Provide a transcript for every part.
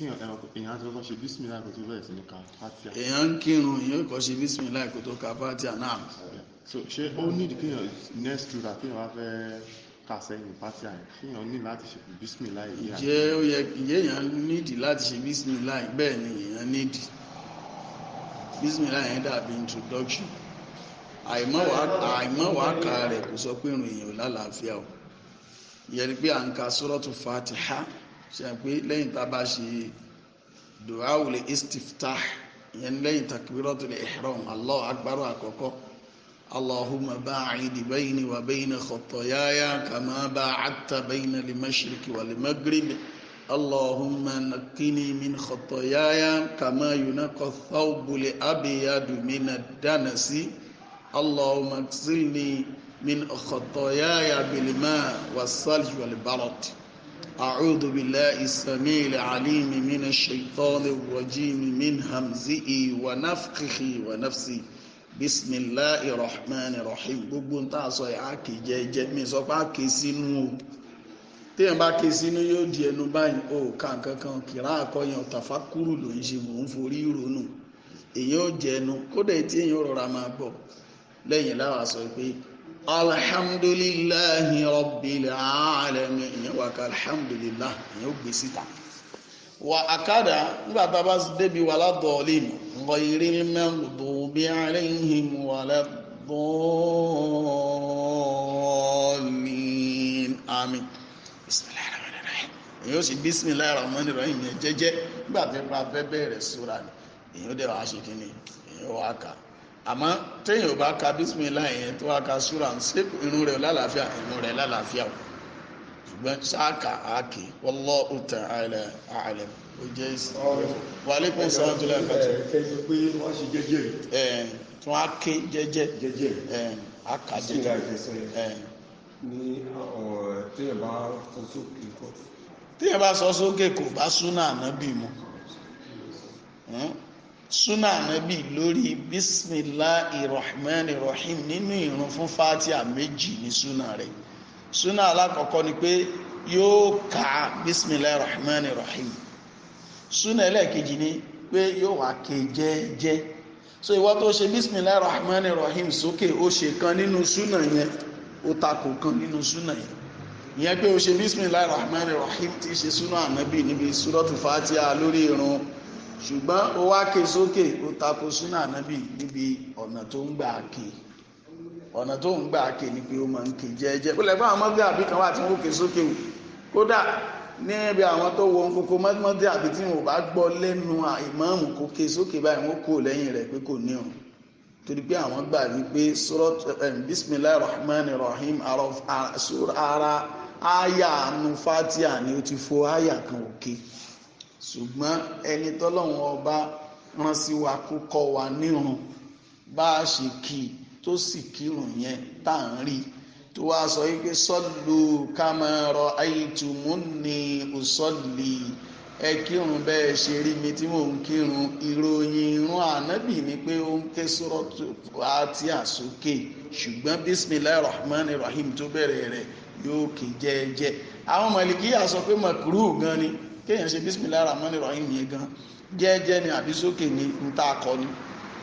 èèyàn tó kọ́ ṣe bísímìlá kò tó bẹ̀rẹ̀ sí ní ka fatia. èèyàn ń kírun èèyàn kọ́ ṣe bísímìlá kò tó ka fatia náà. so ṣé ó nídìí kéèyàn next rúra kéèyàn wá fẹ́ kà sẹ́yìn fatia yẹn kéèyàn ní láti ṣe bísímìlá yìí. ǹjẹ́ ó yẹ ǹjẹ́ èèyàn nídìí láti ṣe bísímìlá yìí bẹ́ẹ̀ ni èèyàn nídìí bísímìlá yẹn dàbí introduction àìmọ́ kà rẹ̀ kò sọ pé ìrìn èèyàn lálàáfíà o yẹ ni pé à ń ka sọ́rọ́tù fatiha ṣe é pé lẹ́yìn tá a bá ṣe duawul istiftah ìyẹn lẹ́yìn takbiratul ihram Allahu akbar àkọ́kọ́ allahumma ba'id bayni wa bayna khatayaya kama ba'adta bayna al-mashriqi wal-maghrib allahumma naqqini min khatayaya kama yunaqqa ath-thawbul abyadu danasi allahumma ighsilni min khatayaya bil-ma'i was-salji wal أعوذ بالله السميع العليم من الشيطان الرجيم من همزه ونفخه ونفسه بسم الله الرحمن الرحيم gbogbo ń tà sọ yà á kì í jẹ jẹ mi sọ pé á kì í sínú o téèyàn bá kì í sínú yóò di ẹnu báyìí o ká nǹkan kan kìrá àkọyàn tàfà kúrú ló ń ṣe mò ń forí ronú èèyàn ò jẹ ẹnu kódà tí èèyàn rọra máa bọ̀ lẹ́yìn láwa sọ pé alhamdulillahi rabbil alamin wa alhamdulillah ìyẹn ó gbé síta wà àkàdà nígbà tá a bá débi wà ládọ̀ọ́lì nǹkan ìrí mẹ́rùndó bí aláìhìn wà ládọ̀ọ́lì àmín èyí ó sì bísímìláì rahman rahim yẹn jẹ́jẹ́ nígbà tí wọ́n fẹ́ bẹ̀rẹ̀ súra ni èyí ó dẹ̀ wá ṣe kínní èyí ó wá kà á àmọ́ téèyàn bá ka bísímìlá yẹn tó wá ka súra ń ṣe irun lálàáfíà irun rẹ̀ lálàáfíà o ṣùgbọ́n sáàkà àáké wallahu ta'ala a'lam o jẹ́ ìsìn wàlé kún sáà tó lẹ́yìn kàtó. kẹ́sì pé wọ́n ṣe jẹ́jẹ́ rẹ̀. ẹ̀ á ké jẹ́jẹ́ jẹ́jẹ́ ẹ̀ á kà jẹ́jẹ́ ẹ̀. ní téèyàn bá sọ sókè kọ. téèyàn bá sọ sókè kò bá súnà ànábì mu súnà ànábì lórí bismillahi rahman rahim nínú ìrun fún fatia méjì ní súnà rẹ̀ súnà alákọ̀ọ́kọ́ ni pé yóò ka bismillahi rahman rahim súnà ẹlẹ́ẹ̀kejì ni pé yóò wá ké jẹ́ẹ́jẹ́ so ìwọ tó ṣe bismillahi rahman rahim sókè ó ṣe kan nínú súnà yẹn ó takò kan nínú súnà yẹn ìyẹn pé ó ṣe bismillahi rahman rahim ti ṣe súnà ànábì níbi súrọ́tù fatia lórí ìrun ṣùgbọ́n ó wá ké sókè ó tako súnà nábì níbi ọ̀nà tó ń gbà ké ọ̀nà tó ń gbà ké ni pé ó máa ń ké jẹ́ẹ́jẹ́ ó lẹ́gbọ́n àwọn mọ́tò àbí kan wà tí wọ́n ké sókè o kódà níbi àwọn tó wọ nkókó mọ́tò àbí tí wọ́n bá gbọ́ lẹ́nu ìmáàmù kó ké sókè báyìí wọ́n kó lẹ́yìn rẹ̀ pé kò ní o torí pé àwọn gbà wípé surat bismillahir rahmanir rahim ara aya anu fatia ni ó ti fo aya kan òkè. Okay ṣùgbọ́n ẹni tọ́lọ́run ọba rán sí wa kó kọ́ wa nírun bá a ṣe kì í tó sì kírun yẹn tá à ń rí tó wá sọ yìí pé sọ́lù kámẹ́rọ àìtùmù ní òsọ́lì ẹ kírun bẹ́ẹ̀ ṣe rí mi tí mò ń kírun ìròyìn irun ànábì ni pé ó ń ké sọ́rọ́ àti àsókè ṣùgbọ́n bisimilayi rahman rahim tó bẹ̀rẹ̀ rẹ̀ yóò kì jẹ́ẹ́jẹ́ àwọn mọ̀lìkíyà sọ pé mọ̀kúrú gan ni kéèyàn ṣe bísímìlá ramani rahim yẹn gan jẹ́ẹ́jẹ́ ni àbí sókè ni n ta kọ ni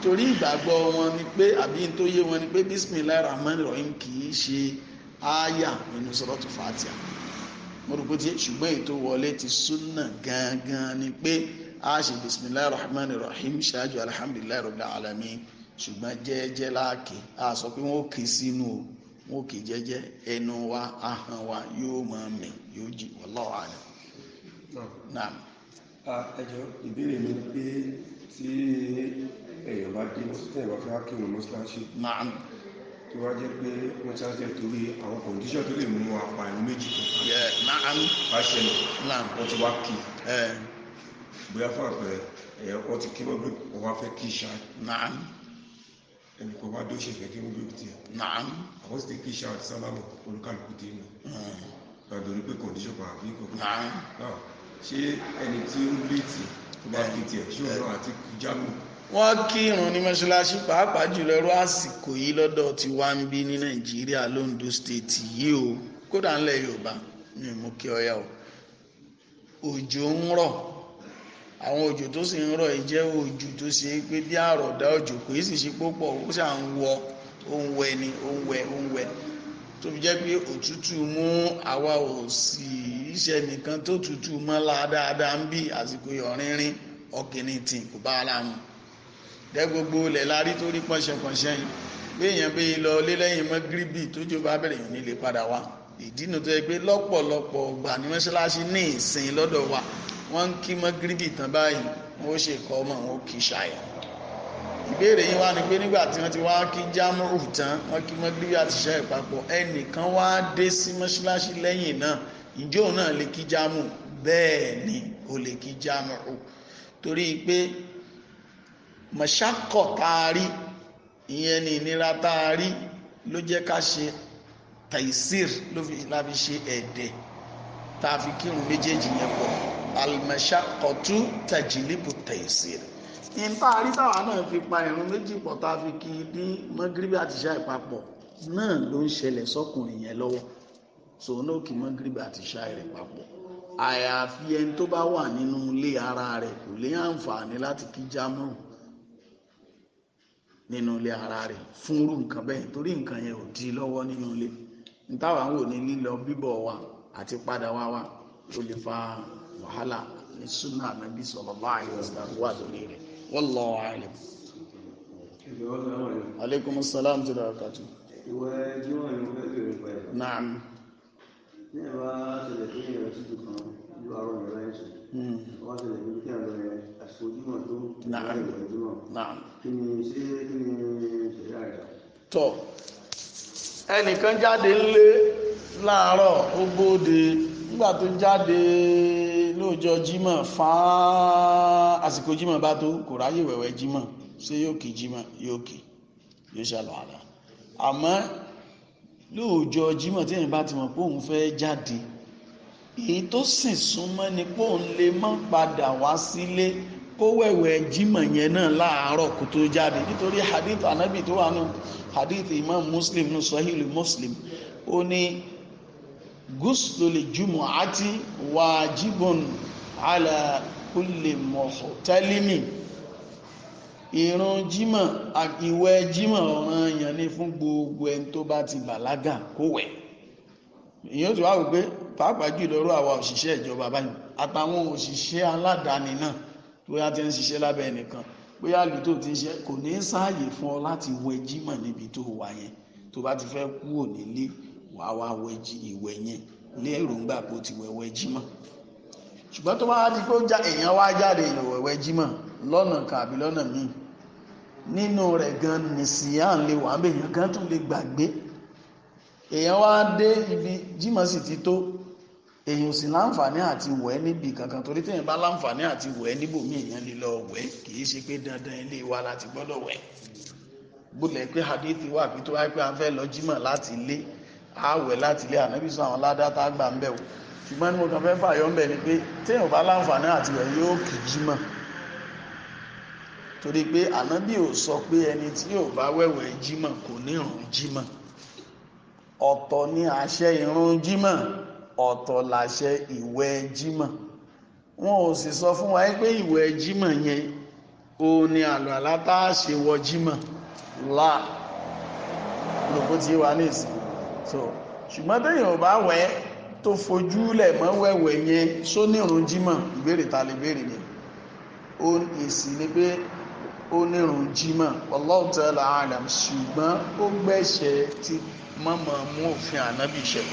torí ìgbàgbọ́ wọn ni pé àbí n tó yé wọn ni pé bísímìlá ramani rahim kì í ṣe ááyà nínú sọ́rọ́tù fatia mo rò pé tí ṣùgbọ́n ètò wọlé ti súnà gangan ni pé a ṣe bísímìlá ramani rahim ṣáájú alihamdulilayi rabbil alamin ṣùgbọ́n jẹ́ẹ́jẹ́ láàkì a sọ pé wọ́n kì í sínú o wọn kì í jẹ́jẹ́ ẹnu wa ahọ́n wa yóò máa mì yóò jí wallahu alam naam. ẹjọ ìbéèrè mi ni pé tí èèyàn bá dé tẹ̀yìn bá fẹ́ wá kírun mọ́ṣáláṣí. naam. tó wá jẹ́ pé mọ́ṣáláṣí ẹ̀ torí àwọn kòndíṣọ̀n tó lè mú apààyàn méjì kan. naam. bá ṣẹlẹ̀ naam wọ́n ti wá kí. Eh. bóyá fún àpẹẹrẹ ẹ̀yọ́ wọ́n ti kí wọ́n bí wọ́n wá fẹ́ kí ṣáà. naam ẹni kò bá dó ṣe fẹ́ kí wọ́n bí tiẹ̀. naam. àwọn sì ti kí ṣáà sábà ṣé ẹni tí ń létí tó bá létí ẹ̀ ṣé òun àti jámù. wọ́n kírun ní mọ́ṣáláṣí pàápàá jùlọ rú àsìkò yìí lọ́dọ̀ tí wá ń bí ní nàìjíríà londo state yìí o kódà ńlẹ̀ yorùbá mi ò mú kí ọyá o òjò ń rọ̀ àwọn òjò tó sì ń rọ̀ yìí jẹ́ òjò tó ṣe é pé bí àròdá òjò kò sì ṣe púpọ̀ ó ṣà ń wọ ó ń wẹ ni ó ń wẹ ó ń wẹ tó fi jẹ́ pé òtútù mú àwa ò sì iṣẹ́ nìkan tó tútù mọ́ la dáadáa ń bí àsìkò ọ̀rìnrìn ọ̀kìnrin tì kò bá ara mu dẹ́ gbogbo ilẹ̀ la rí torí pọ́nṣẹ́pọ́nṣẹ́ yìí pé èèyàn pé lọ lé lẹ́yìn mọ́ gíríbì tójú bá bẹ̀rẹ̀ yìí nílé padà wá ìdí nu tó yẹ pé lọ́pọ̀lọpọ̀ ọgbà ní mọ́ṣáláṣí ní ìsìn lọ́dọ̀ wa wọ́n ń kí mọ́ gíríbì tán báyìí wọ́n ó ṣèkọ́ ọmọ wọn ó kì í ìbéèrè yín wá ni pé nígbà tí wọ́n ti wá kí jámúrù tán wọ́n kí mọ́gíríbì àti ṣẹ́ ìpapọ̀ ẹnìkan wá dé sí mọ́ṣáláṣí lẹ́yìn náà ìjọ náà lè kí jámù bẹ́ẹ̀ ni ó lè kí jámúrù torí pé mọ̀ṣákọ̀ tá a rí ìyẹn ni ìnira tá a rí ló jẹ́ ká ṣe taisir la fi ṣe ẹ̀dẹ̀ tá a fi kírun méjèèjì yẹn pọ̀ al-mashaqqatu taisir ìta àríṣàwà náà fi pa ìrun méjì pọ̀ tá a fi kí i ní mọ́gíríbì àti ṣáì papọ̀ náà ló ń ṣẹlẹ̀ sọ́kùnrin yẹn lọ́wọ́ so náà kí mọ́gíríbì àti ṣáì rẹ̀ papọ̀ àyàfi ẹni tó bá wà nínú ilé ara rẹ̀ kò lè àǹfààní láti kí jámọ́ nínú ilé ara rẹ̀ fún irú nǹkan bẹ́ẹ̀ torí nǹkan yẹn ò di lọ́wọ́ nínú ilé nítawà ń wò ní lílọ bíbọ̀ wa àti padà wá wa ó lè fa wàhálà ní súnà ànábì sallallahu alaihi wasallam wà lórí rẹ̀ wallahu alim. aleykum salaam tó dára kàtó. ìwé jíwọ̀n ni mo fẹ́ bèrè nípa ẹ̀. naam. ní ẹ̀ bá hmm. tẹ̀lé tó yẹ títù kan ju àrùn ìrọ̀ ẹ̀ sùn. wọ́n tẹ̀lé ní kí àlọ́ yẹ àsìkò jímọ̀ tó naam naam. kí ni ṣé kí ni ṣẹ̀dá rẹ̀. tọ́ ẹnìkan jáde ńlé láàárọ̀ ó gbóde nígbà tó jáde lóòjọ́ jímọ̀ fáá àsìkò jímọ̀ bá tó kò ráyè wẹ̀wẹ̀ jímọ̀ ṣé yóò kí jímọ̀ yóò kí yóò ṣàlùwàlá àmọ́ lóòjọ́ jímọ̀ tí èèyàn bá ti mọ̀ pé òun fẹ́ jáde èyí tó sì súnmọ́ ni pé òun lè má padà wá sílé kó wẹ̀wẹ̀ jímọ̀ yẹn náà láàárọ̀ kó tó jáde nítorí hadith anabi tó wà nù hadith imam muslim nù sahih muslim ó ní gúúsùlùlì jùmọ̀ àti wàjíbùn alákùnlé mọ̀tẹ́límì ìran jímọ̀ ìwẹ̀ jímọ̀ ọ̀ràn èèyàn ní fún gbogbo ẹni tó bá ti bàlágà kó wẹ̀ èèyàn tó wá wò pé pàápàá jùlọ rú àwa òṣìṣẹ́ ìjọba báyìí àtàwọn òṣìṣẹ́ aládàáni náà tó yá ti ń ṣiṣẹ́ lábẹ́ ẹnìkan bóyá àlù tó ti ń ṣe kò ní sáàyè fún ọ láti wẹ̀ jímọ̀ níbi tó wà yẹn tó bá ti fẹ́ kúrò nílé wàá wá wẹjì ìwẹ̀ yẹn ní èròǹgbà bó ti wẹ̀wẹ̀ jímọ̀ ṣùgbọ́n tó bá wá di pé èèyàn wá jáde ìlò wẹ̀wẹ̀ jímọ̀ lọ́nà kan àbí lọ́nà míì nínú rẹ̀ gan nìsíyàn lè wà bẹ́ẹ̀ yẹn gan tún lè gbàgbé èèyàn wá dé ibi jímọ̀ sì ti tó èèyàn sì láǹfààní àti wẹ̀ níbi kankan torí téèyàn bá láǹfààní àti wẹ̀ níbòmí èèyàn lè lọ wẹ̀ kì í ṣe pé dandan ilé wa láti gbọ́dọ̀ wẹ̀ bólẹ̀ pé hadith wà pé tó wáyé pé a fẹ́ lọ jímọ̀ láti lé àwẹ̀ láti ilé ànábì sọ àwọn ládá tá a gbà ń bẹ̀ o ṣùgbọ́n ní mo kàn fẹ́ fàyọ́ ń bẹ̀ ni pé téèyàn bá láǹfààní àti rẹ̀ yóò kì í torí pé ànábì ò sọ pé ẹni tí yóò bá wẹ̀wẹ̀ jímọ̀ kò ní ìrun jímọ̀ ọ̀tọ̀ ni àṣẹ ìrun jímọ̀ ọ̀tọ̀ làṣẹ ìwẹ̀ jímọ̀ wọn ò sì sọ fún wa pé ìwẹ̀ jímọ̀ yẹn o ni àlọ́ àlátà ṣe wọ jímọ̀ láà lòkó tí wà ní ìsìn so ṣùgbọ́n téèyàn ò bá wẹ̀ tó fojú lẹ̀ mọ́ wẹ̀wẹ̀ yẹn sónírun jímọ̀ ìbéèrè ta lè béèrè yẹn ó èsì ni pé ó nírun jímọ̀ wallahu ta'ala alam ṣùgbọ́n ó gbẹ̀ṣẹ̀ ti mọ́mọ́ mú òfin ànábì ṣẹ̀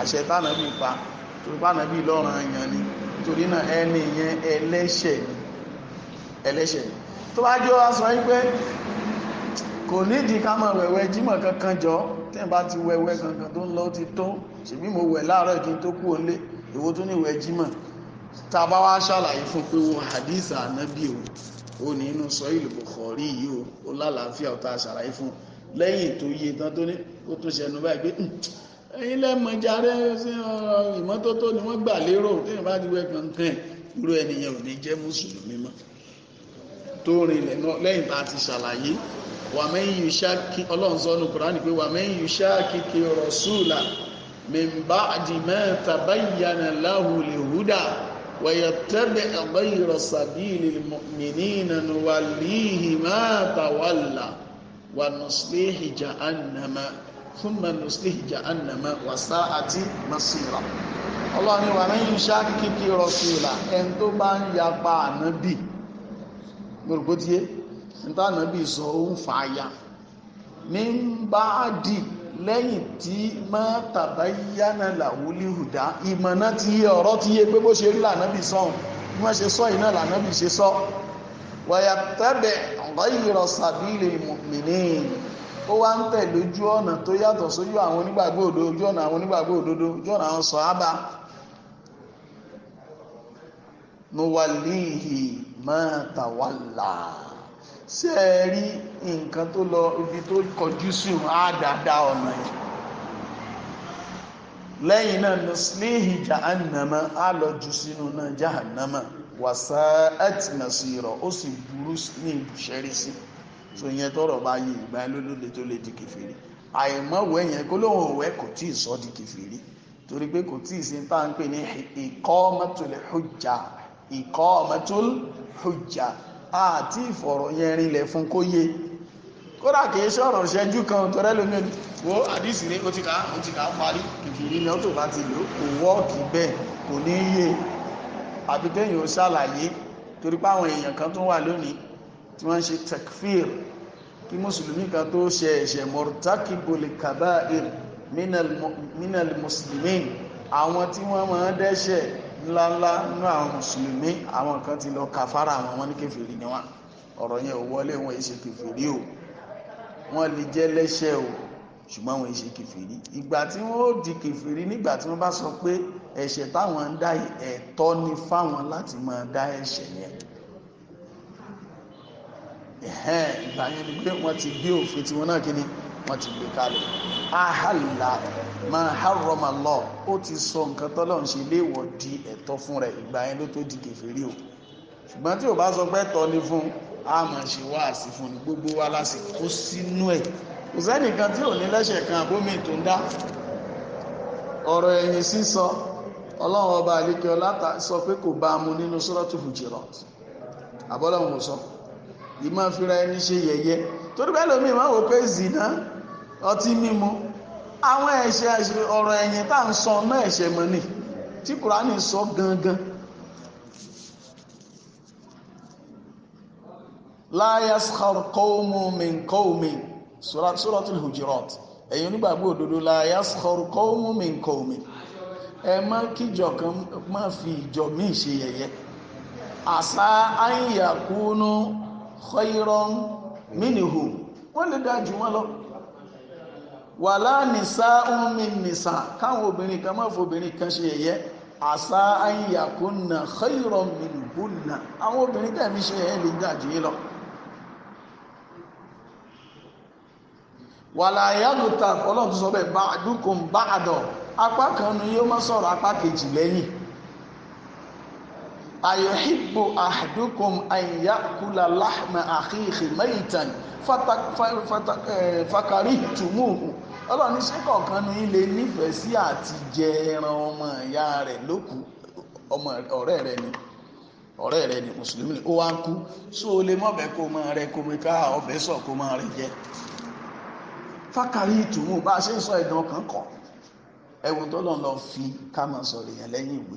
àṣẹ tánàbì pa torí pánàbì lọ́rùn èèyàn ni torí náà ẹni yẹn ẹlẹ́ṣẹ̀ ẹlẹ́ṣẹ̀ tó bá jọ wá sọ wípé kò nídìí ká máa wẹ̀wẹ̀ jímọ̀ kankan jọ tẹ́ bá ti wẹ̀wẹ̀ kankan tó ń lọ ti tó ṣèbí mo wẹ̀ láàárọ̀ kí n tó kú òlé ìwọ tó ní ìwẹ̀ jímọ̀ tá bá wá ṣàlàyé fún pé wo hadith ànábì o ó ní inú sọ́ìlì Bukhari yìí o ó lálàáfíà ó ta ṣàlàyé fún lẹ́yìn tó yé tán tó ní ó tún ṣẹnu báyìí pé hmm, ẹ̀yin lẹ́mọ̀ jàre sí ìmọ́tótó ni wọ́n gbà lérò tẹ́yìn bá ti wẹ̀ kankan ẹ̀ irú ẹnìyẹn ò ní jẹ́ mùsùlùmí mọ́ tó rinlẹ̀ náà lẹ́yìn tá a ti ṣàlàyé wà mẹ́yìn iṣẹ́ kí ọlọ́run sọ ní kùránì pé wà mẹ́yìn iṣẹ́ kíkì rọ̀súùlà mẹ́mbà àdìmẹ́ tàbáyànà láhùlẹ̀ húdà wẹ̀yẹ̀tẹ́bẹ̀ ọ̀gbẹ́yìrọ̀ sàbílì mìnínà wà líhì máa tàwàlà wà nùsùlẹ̀hì jahannama thumma nùsùlẹ̀hì jahannama wà ni wà mẹ́yìn iṣẹ́ kíkì rọ̀súùlà ẹni tó bá ń yapa ànábì níta nàbí sọ ó ń fa ya ní bá dì lẹ́yìn tí má tàbá yánà làwúlí hùdá ìmọ̀nà ti yé ọ̀rọ̀ ti yé pé bó ṣe rí lànàbí sọ̀hún bí wọ́n ṣe sọ yìí náà lànàbí ṣe sọ wàyà tẹ́bẹ̀ ọ̀rọ̀ ìrọ̀ sàbílì mùmìnì ó wá ń tẹ̀ lójú ọ̀nà tó yàtọ̀ sójú àwọn onígbàgbọ́ òdodo ojú ọ̀nà àwọn onígbàgbọ́ òdodo ojú ọ̀nà àwọn sọ̀hábà nuwalihi ma tawalla ṣe é rí nǹkan tó lọ ibi tó kọjú sí òun á dáadáa ọ̀nà yìí lẹ́yìn náà nuslihi jahannama á lọ jù sínú náà jahannama wàsá ẹtìnà sí rọ ó sì burú ní ìbùsẹ́rí sí so ìyẹn tọrọ bá yí ìgbà lólóde tó lè di kẹfìrí àìmọ̀wé yẹn kó lóun òwe kò tí ì sọ di kẹfìrí torí pé kò tí ì sí tá ń pè ní ìkọ́ mọ́tòlẹ̀ hujja ìkọ́ mọ́tòlẹ̀ hujja àti ìfọ̀rọ̀ yẹn rinlẹ̀ fún kó yé kódà kìí sọ̀rọ̀ ṣẹ́jú kan tọ́rẹ́ lómi ẹni wo àdìsí ni ó ti kà ó ti kà á parí kìkìrí ni ó tó bá ti lò kò wọ́ọ̀kì bẹ́ẹ̀ kò ní í yé àbí téèyàn ó ṣàlàyé torí pé àwọn èèyàn kan tó wà lónìí tí wọ́n ń ṣe tekfir kí mùsùlùmí kan tó ṣe ẹ̀ṣẹ̀ mọ̀rútákì bolè kàbáà ir mínàlì mùsùlùmí àwọn tí wọ́n máa dẹ́ṣẹ̀ ńláńlá nínú àwọn mùsùlùmí àwọn kan ti lọ kàfàrà àwọn wọn ní kèfèrí ni wọn ọ̀rọ̀ yẹn ò wọlé wọn èyí ṣe kèfèrí o wọn lè jẹ́ lẹ́ṣẹ̀ o ṣùgbọ́n wọn èyí ṣe kèfèrí ìgbà tí wọn ó di kèfèrí nígbà tí wọn bá sọ pé ẹ̀ṣẹ̀ táwọn ń dá yìí ẹ̀tọ́ ni fáwọn láti máa dá ẹ̀ṣẹ̀ yẹn ìgbà yẹn ni pé wọn ti gbé òfin tiwọn náà kí ni wọ́n ti gbé kalẹ̀ ahalla ma harrama Allah ó ti sọ nǹkan tọ́lọ́run ṣe léèwọ̀ di ẹ̀tọ́ fún rẹ̀ ìgbà yẹn ló tó di kèfèrí o ṣùgbọ́n tí ò bá sọ pé tọ́ ni fún a máa ṣe wáàsí fún ni gbogbo wa lásìkò kó sínú ẹ̀ kò sẹ́nìkan tí ò ní lẹ́sẹ̀ kan àbómi tó ń dá ọ̀rọ̀ ẹ̀yìn sísọ ọlọ́run ọba àlékè ọlá sọ pé kò bá a mu nínú Suratu Hujurat àbọ́lọ́run ò sọ ìmọ̀ fira ẹni ṣe yẹ̀yẹ́ torí bẹ́ẹ̀ lómi ìmọ̀ wò pé zina ọtí mímu àwọn ẹ̀ṣẹ̀ ọ̀rọ̀ ẹ̀yìn tá à ń sọ ọmọ ẹ̀ṣẹ̀ mọ́ ni tí kùránì sọ gangan. láyáskhar kọ́ọ̀mù min kọ́ọ̀mù suratul hujurat ẹ̀yin onígbàgbọ́ òdodo láyáskhar kọ́ọ̀mù min kọ́ọ̀mù ẹ má kíjọ kan má fi ìjọ míì ṣe yẹ̀yẹ́ àṣà àyìnyàkúnú khayran minhum wọ́n lè dáa jù wọ́n lọ wala nisa'un min nisa' káwọn obìnrin kan má fọ obìnrin kan ṣe yẹ̀yẹ́ àṣà an yakunna khayran minhunna àwọn obìnrin tẹ̀mí ṣe yẹ̀yẹ́ lè dáa jù yín lọ. wàlà ayélujára ọlọ́run tó sọ bẹ́ẹ̀ ba'dukum ba'da apá kan nu yóò má sọ̀rọ̀ apá kejì lẹ́yìn ayọ̀hìbò àdúkùn àyíyá kula láhmà àkíyèsí mẹ́yìntàn fakari tùmùhù ọlọ́run ní sẹ́kọ̀ kan ní ilé nífẹ̀ẹ́ sí àti jẹ ẹran ọmọ ìyá rẹ̀ lókù ọ̀rẹ́ rẹ̀ ni ọ̀rẹ́ rẹ̀ ni mùsùlùmí ni ó wá ń kú só o lè mọ̀bẹ́ kó mọ rẹ kó mi ká ọbẹ̀ sọ kó mọ rẹ jẹ fakari tùmùhù bá a ṣe ń sọ ẹ̀dùn ọkàn kọ ẹ̀wù tó lọ́n lọ fi ká máa sọ̀rọ̀ yẹn lẹ́yìn ìwé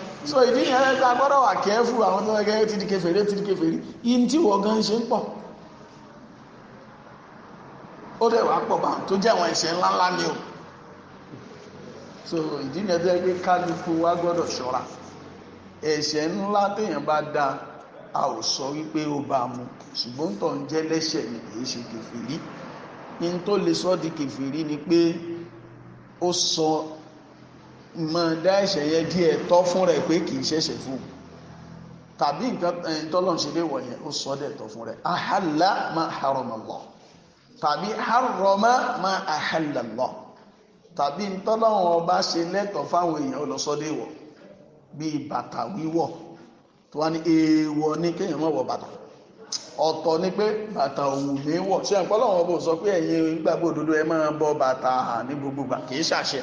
so ìdí yẹn ẹgbẹ́ agbọ́dọ̀ wà kẹ́fù àwọn tó gẹ́gẹ́ ti di kèfèrí ti di kèfèrí yìí tí wọ́n gan ṣe ń pọ̀ ó dẹ̀ wá pọ̀ bá tó jẹ́ àwọn ẹ̀ṣẹ̀ ńláńlá ni o so ìdí yẹn tó yẹ pé kálukú wa gbọ́dọ̀ ṣọ́ra ẹ̀ṣẹ̀ ńlá téèyàn bá da a ò sọ wípé ó bá a mu ṣùgbọ́n tó ń jẹ́ lẹ́ṣẹ̀ ni kì í ṣe kèfèrí ní tó lè sọ di kèfèrí ni pé ó sọ mọ̀ dá ẹ̀ṣẹ̀ yẹn di ẹ̀tọ́ fún rẹ̀ pé kì í ṣẹ̀ṣẹ̀ fún un tàbí nǹkan ẹ̀yìn tọ́lọ́n ṣe lé wọ̀nyẹn ó sọ dẹ̀ tọ́ fún rẹ̀ ahalla ma harama Allah tàbí harama ma ahalla Allah tàbí tọ́lọ́n ọba ṣe lẹ́tọ̀ fáwọn èèyàn ọlọ́sọ́dẹ̀ wọ̀ bíi bàtà wíwọ̀ tó wá ní èèwọ̀ ní kéèyàn má wọ bàtà ọ̀tọ̀ ni pé bàtà òwú mi wọ̀ ṣé àpọ́lọ́wọ́n bò sọ pé ẹ̀yin gbàgbọ́ òdodo ẹ máa bọ bàtà ní gbogbo gbà kì í ṣàṣẹ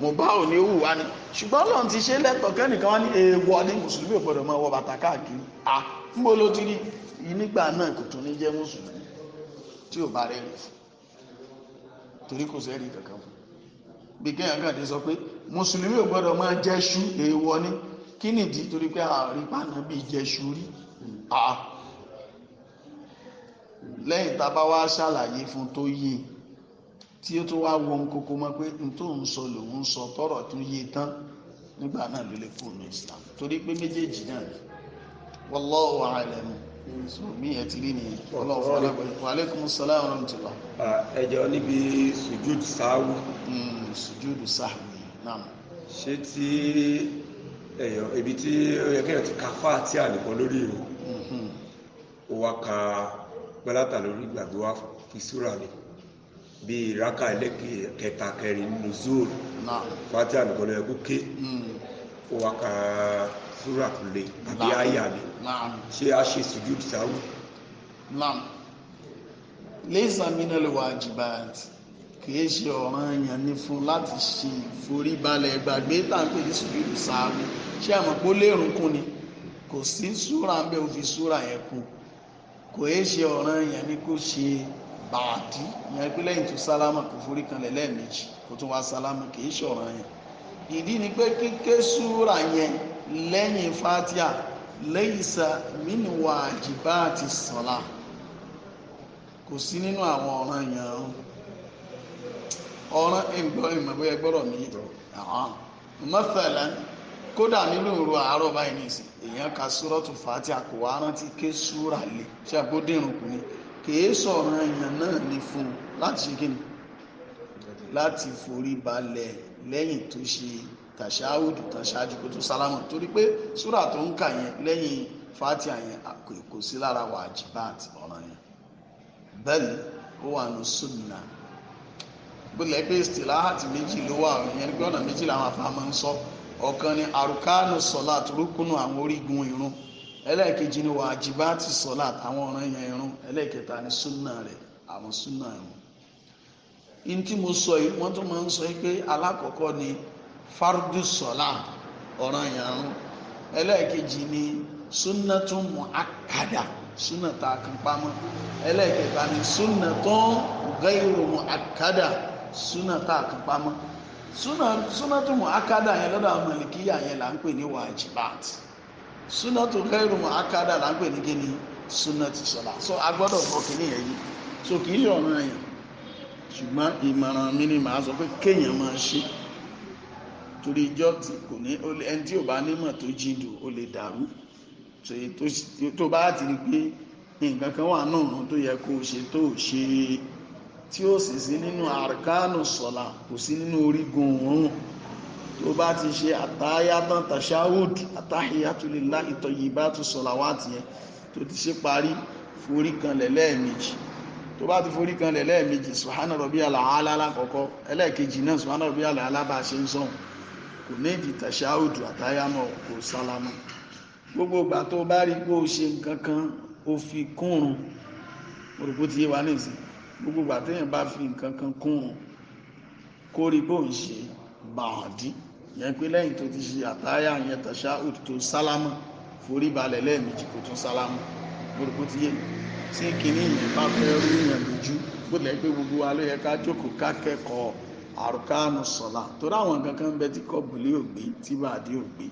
mùbáwò ni ó wù wá ni ṣùgbọ́n Ọlọ́run ti ṣe lẹ́tọ̀ọ́ kẹ́nìkan wá ní èèwọ̀ ní mùsùlùmí ò gbọ́dọ̀ máa wọ bàtà káàkiri à ńgbó ló ti rí nígbà náà kò tún ní jẹ́ mùsùlùmí tí ò bá rẹ̀ rí torí kò sẹ́rí kankan fún bí kéèyàn kàn sọ pé mùsùlùmí ò máa jẹ́ ṣú èèwọ̀ ni kí nìdí torí pé àárín pàánà bíi jẹ́ ṣú rí lẹ́yìn tá a bá wá ṣàlàyé fún tó yé e tí ó tún wá wọ nkókó mọ pé n tó ń sọ lòun tọrọ tún yé tán nígbà náà ló lè kú Islam torí pé méjèèjì náà ni wallahu a'lam sùnmí ẹ ti rí ni aleykum salaam ẹjọ níbi sujud hmm, sujud náà. ṣé tí èèyàn ibi tí ó yẹ kéèyàn ti ka fáàtì àlùkò lórí ìrù hmm, hmm. ó wá ka lórí gbàgbé fi súra ni. bíi raka ẹlẹ́kẹta kẹrin nínú zoro fati alukọlẹ ẹkú ké hmm. ó wá sura kulè àbí àyà mi ṣé a ṣe sujud sáwù. laysa minal wajibat kìí ṣe ọ̀ràn èèyàn ní fún láti ṣe ìforíbalẹ̀ gbàgbé tàǹpé ní sùjúdù sáàrù ṣé àmọ́ pé ó lérun kún ni kò sí súra ń bẹ́ òfin súra yẹn kù kò í ṣe ọ̀ràn èèyàn ní kó ṣe bàdí ìyẹn pé lẹ́yìn tó sálámà kò forí kanlẹ̀ lẹ́ẹ̀mejì kó tó wá sálámà kì í ṣọ̀ràn yẹn ìdí ni pé kíké súra yẹn lẹ́yìn fatia laysa min wajibati sọ̀la kò sí nínú àwọn ọ̀ràn yẹn o ọ̀ràn ìgbọ́ ìmọ̀bóyá gbọ́dọ̀ mi mọ́tàlá kódà nínú ìrù àárọ̀ báyìí nìsín èèyàn ka súrọ́tù fatia kò wá rántí ké súra lè ṣàgbọ́dẹ̀rùn kù kìí sọ̀rọ̀ èèyàn náà ní fún un láti ṣe kíni láti forí balẹ̀ lẹ́yìn tó ṣe tàṣáhùdù tàṣáájú kó tó sálámù torí pé súrà tó ń kà yẹn lẹ́yìn fatiha yẹn kò sí lára wajibat ọ̀ràn yẹn bẹ́ẹ̀ ó wà ní sunna gbọ́dọ̀ pé istilahati méjì ló wà yẹn ní pé ọ̀nà méjì làwọn afáàmọ́ ń sọ ọ̀kan ni àrùkánù sọ̀lá àtúrúkúnù àwọn orígun irun ẹlẹ́ẹ̀kejì ni wàjibáàtì sọ́láàt àwọn ọ̀ràn yẹn irun ẹlẹ́ẹ̀kẹta ni súnà rẹ̀ àwọn súnà irun in tí mo sọ yìí wọ́n tún máa ń sọ pé alákọ̀ọ́kọ́ ni fardu sọ́láàt ọ̀ràn yẹn irun ẹlẹ́ẹ̀kejì ni súnà tó akada súnà tá a kan pamọ́ ẹlẹ́ẹ̀kẹta ni súnà tó gẹ́rù mú akada súnà tá a kan pamọ́ súnà tó akada yẹn lọ́dọ̀ àwọn mọ̀lẹ́kíyà yẹn là súnà tó kẹrù mọ akada là ń pè ní kíni súnà ti sọlá so a gbọ́dọ̀ gbọ́ kíní yẹn yìí so kì í yọ ọ̀ràn yẹn ṣùgbọ́n ìmọ̀ràn mi ni màá sọ pé kéèyàn máa ṣe torí ìjọ tí kò ní ẹni tí ò bá nímọ̀ tó jíndù ó lè dàrú tó bá ti rí pé nǹkan kan wà náà ràn tó yẹ kó o ṣe tó o ṣe tí ó sì sí nínú àrkánù sọlá kò sí nínú orígun òórùn tó bá ti ṣe àtàyàtàn tashahud àtàhìyàtúlélá ìtọ̀yìbátù sọ̀làwátì yẹn tó ti ṣe parí forí kanlẹ̀ lẹ́ẹ̀mejì tó bá ti forí kanlẹ̀ lẹ́ẹ̀mejì subhana rabbiyal aala lákọ̀ọ́kọ́ ẹlẹ́ẹ̀kejì náà subhana rabbiyal aala bá ṣe ń sọ̀hún kò ní ìdí tashahud àtàyàmọ̀ kò sálámà gbogbo ìgbà tó bá rí pé ó ṣe nǹkan kan ó fi kúrun òrùkú ti yé wa nìsín gbogbo ìgbà téèyàn bá fi nǹkan kan kúrun kó rí bóun ṣe bàdí yẹn pé lẹ́yìn tó ti ṣe àtáyà yẹn tàṣà òdì tó sálámà forí balẹ̀ lẹ́ẹ̀mejì kò tún sálámà gbogbo ti yé mi tí kìíní yìí bá fẹ́ rú yẹn lójú bó lẹ́ pé gbogbo wa ló yẹ ká jókòó ká kẹ́kọ̀ọ́ àrùkánu sọ̀la torí àwọn kankan ń bẹ tí kọ́bùlé ògbé tí bàdí ògbé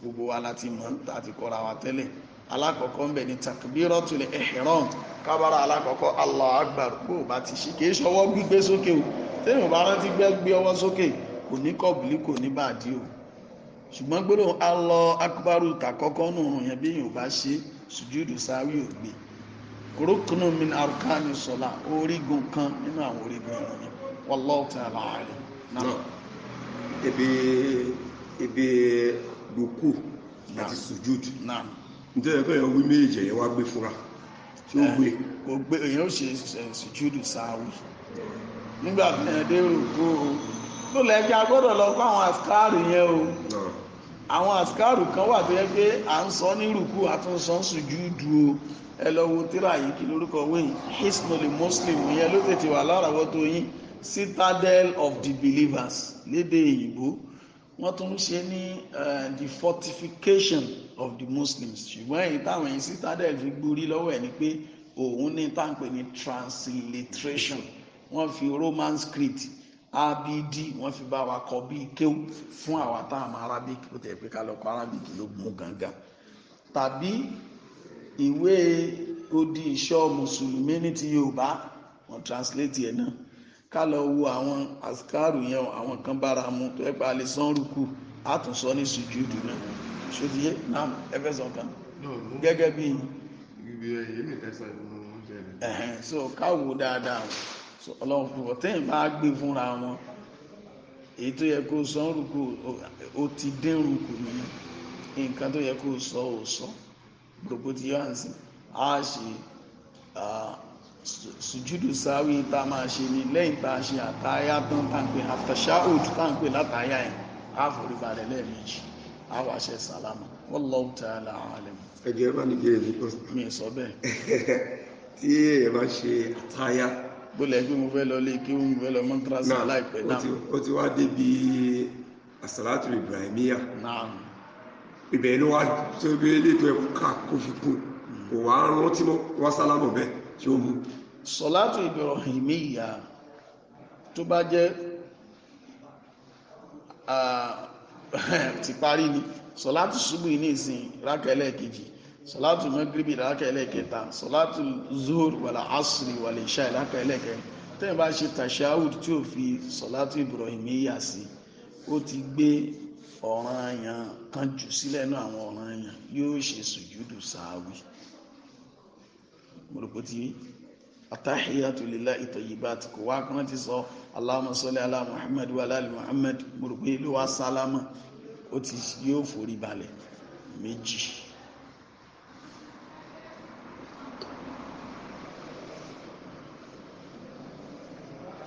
gbogbo wa la ti mọ̀ tá a ti kọ́ra wa tẹ́lẹ̀ alákọ̀ọ́kọ́ ń bẹ ní takbiratul ihram kábàárà alákọ̀ọ́kọ́ Allahu akbar bó o bá ti ṣe kì í ṣọwọ́ gbígbé sókè o téèyàn bá rántí gbẹ́ gbé ọwọ́ sókè kò ní kọ̀bùlí kò ní bàdí o ṣùgbọ́n gbólóhùn alọ́ akúbárù tàkọ́kọ́ nùrùn yẹn bí yóò bá ṣe sùjúdù sáwí ò gbé kúrókùnú mi ní kan nínú àwọn orígun ìròyìn ebi ebi gbòkú àti sùjúdù náà nítorí pé ọwọ́ méjèèjì yẹn wá gbé tí ó gbé. èèyàn ló lẹ́jọ́ a gbọ́dọ̀ lọ kọ́ àwọn àsìkáàrù yẹn o àwọn àsìkáàrù kan wà tó yẹ pé à ń sọ ní rùkú àtúnsọ ń sùjú du o ẹ lọ wo tíra yìí kí lórúkọ wẹ̀yìn hisnoli muslim yẹn ló tètè wà láràwọ́tò yín citadel of the believers lédè òyìnbó wọ́n tún ṣe ní eh, the fortification of the muslims ṣùgbọ́n èyí táwọn yìí citadel fi gborí lọ́wọ́ ẹ̀ ni pé òun ní táǹpẹ̀ ní transliteration wọ́n fi roman script abd wọ́n fi bá wa kọ bíi kéwù fún àwa tá àmọ́ arabic ó tẹ̀ pé ká lọ kọ arabic ló mú gangan tàbí ìwé odi ìṣọ́ mùsùlùmí ní ti yorùbá wọ́n translate yẹn náà ká lọ wo àwọn àsìkáàrù yẹn àwọn kan bára mu tó ẹ pa alẹ́sán rúkú àtúnsọ ní sùjúdù náà ṣòdìyẹ náà ẹ fẹ́ sọ kan gẹ́gẹ́ bíi. so ká wo dáadáa ọlọ́run fún wọn tẹ́yìn bá gbé fúnra wọn èyí tó yẹ kó sọ rúkú ó ti dín rúkú nìyẹn nǹkan tó yẹ kó sọ ò sọ gbogbo ti yọ àǹsìn á ṣe sùjúdù sáwí tá a máa ṣe ní lẹ́yìn tá a ṣe àtàyà tán tá n pè aftershahud tá n pè látàyà yẹn á forí balẹ̀ lẹ́ẹ̀mejì á wàá ṣe sàlámà wallahu ta'ala alim. ẹ̀jẹ̀ bá ní jẹ́ èyí kọ́. mi sọ bẹ́ẹ̀. tí èèyàn bá ṣe àtàyà gbọ́lẹ̀ pé mo fẹ́ lọ lé kí mo fẹ́ lọ mọ́tírásà láìpẹ́ náà ó ti wá débi àsàlátù ibrahimiya ibẹ̀ ló wá tó bí ilé tó ẹkùn ká kó fi kú hmm. kò wá rántí mọ́ wá sálámù bẹ́ẹ̀ tí ó mú. sọ̀látù ibrahimiya tó bá jẹ́ ti parí ni sọ̀látù ṣubú ní ìsìn rákẹ́lẹ́ kejì sọlátù magribi ìlàkà ẹlẹ́kẹta sọlátù zuhur wàlà asiri wàlà ìṣá ìlàkà ẹlẹ́kẹ tẹ́yìn bá ṣe tashahud tí ò fi sọlátù ibrahim yà sí ó ti gbé ọ̀ràn àyàn kan jù sílẹ̀ náà àwọn ọ̀ràn àyàn yóò ṣe sùjúdù sáàwì mọ̀rọ̀pọ̀tì atahiyatu lillahi tayyibat kò wá kan ti sọ allahumma salli ala muhammad wa ala sálámà ó ti yóò forí balẹ̀ méjì.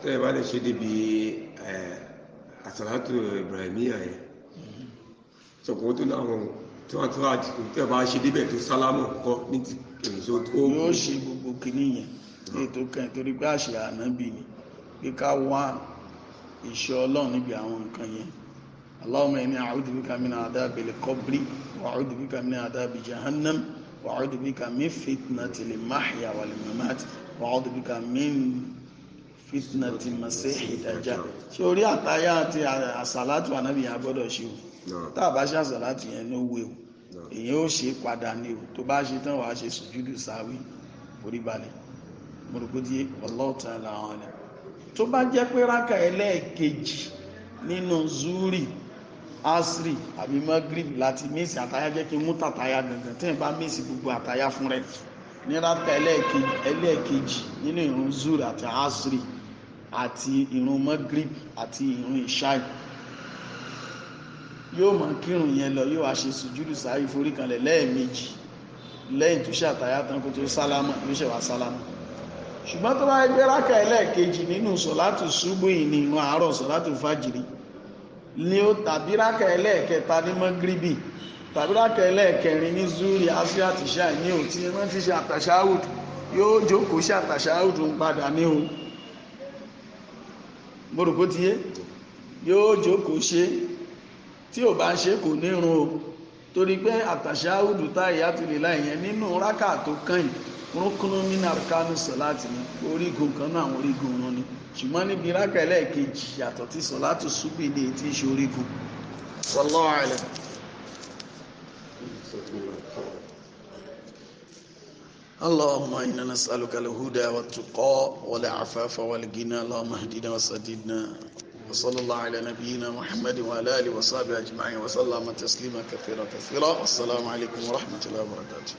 tó yẹ bá lè ṣe débi àsàlátù ibrahimiya yẹn sọ̀kún tó náà wọn tí wọ́n tó àdìkú tó yẹ bá ṣe débẹ̀ tó sálámù kọ́ ní ti èso tó wù. yóò ṣe gbogbo kìíní yẹn ètò kan torí pé àṣẹ ànábì ni pé ká wá ìṣọ́ ọlọ́run níbi àwọn nǹkan yẹn اللهم إني أعوذ بك من عذاب القبر وأعوذ بك من عذاب جهنم وأعوذ بك من فتنة المحيا والممات وأعوذ بك fitinati masihi dajà ṣé orí àtayá àti àsàlátù ànábì yẹn agbọ́dọ̀ ṣe o tá a bá ṣe àsàlátù yẹn ní owó o èyí ó ṣe padà ní o tó bá ṣe tán wàá ṣe sùjúdù sáwí orí balẹ̀ mo ọlọ́ọ̀tàn làwọn ni tó bá jẹ́ pé rákà ẹlẹ́ẹ̀kejì nínú zuri asri àbí magrib láti mísì àtayá jẹ́ kí n mú tàtayá gangan tí n bá mísì gbogbo àtayá fún rẹ̀ ní rákà ẹlẹ́ẹ̀kejì nínú ìrun zuri àti asri àti ìrun magrib àti ìrun ìṣáì yóò mọ̀ kírun yẹn lọ yóò wá ṣe sùjúdù sáyé forí kanlẹ̀ lẹ́ẹ̀mejì lẹ́yìn tó ṣàtàyà tán kó tó sálámà yóò ṣẹ̀wá sálámà ṣùgbọ́n tó bá gbé rákà ẹlẹ́ẹ̀kejì nínú sọ̀látù ṣubú ìní ìrun àárọ̀ sọ̀látù fàjìrì ni ó tàbí rákà ẹlẹ́ẹ̀kẹta ní mọ́gíríbì tàbí rákà ẹlẹ́ẹ̀kẹrin ní zuri asia àtìṣà ní òtí wọ́n ti ṣe àtàṣà yóò jókòó ṣe àtàṣà padà ní òun mọ́rùkú ti yé yóò jókòó ṣe tí ò bá ń ṣe kò nírun o torí pé àtàṣà àwùdùtà ìyàtúlélá ìyẹn nínú rákà tó kàn rúnkún nínú àrùkánú sọ̀láàtì ní orígun kan náà àwọn orígun wọn ni ṣùgbọ́n níbi rákà ẹlẹ́ẹ̀kejì yàtọ̀ tí sọ̀láàtù súbì ní ètí ìṣe orígun. sallallahu اللهم إنا نسألك الهدى والتقى والعفاف والغنى اللهم اهدنا وسددنا وصلى الله على نبينا محمد وعلى آله وصحبه أجمعين وسلم تسليما كثيرا كثيرا والسلام عليكم ورحمة الله وبركاته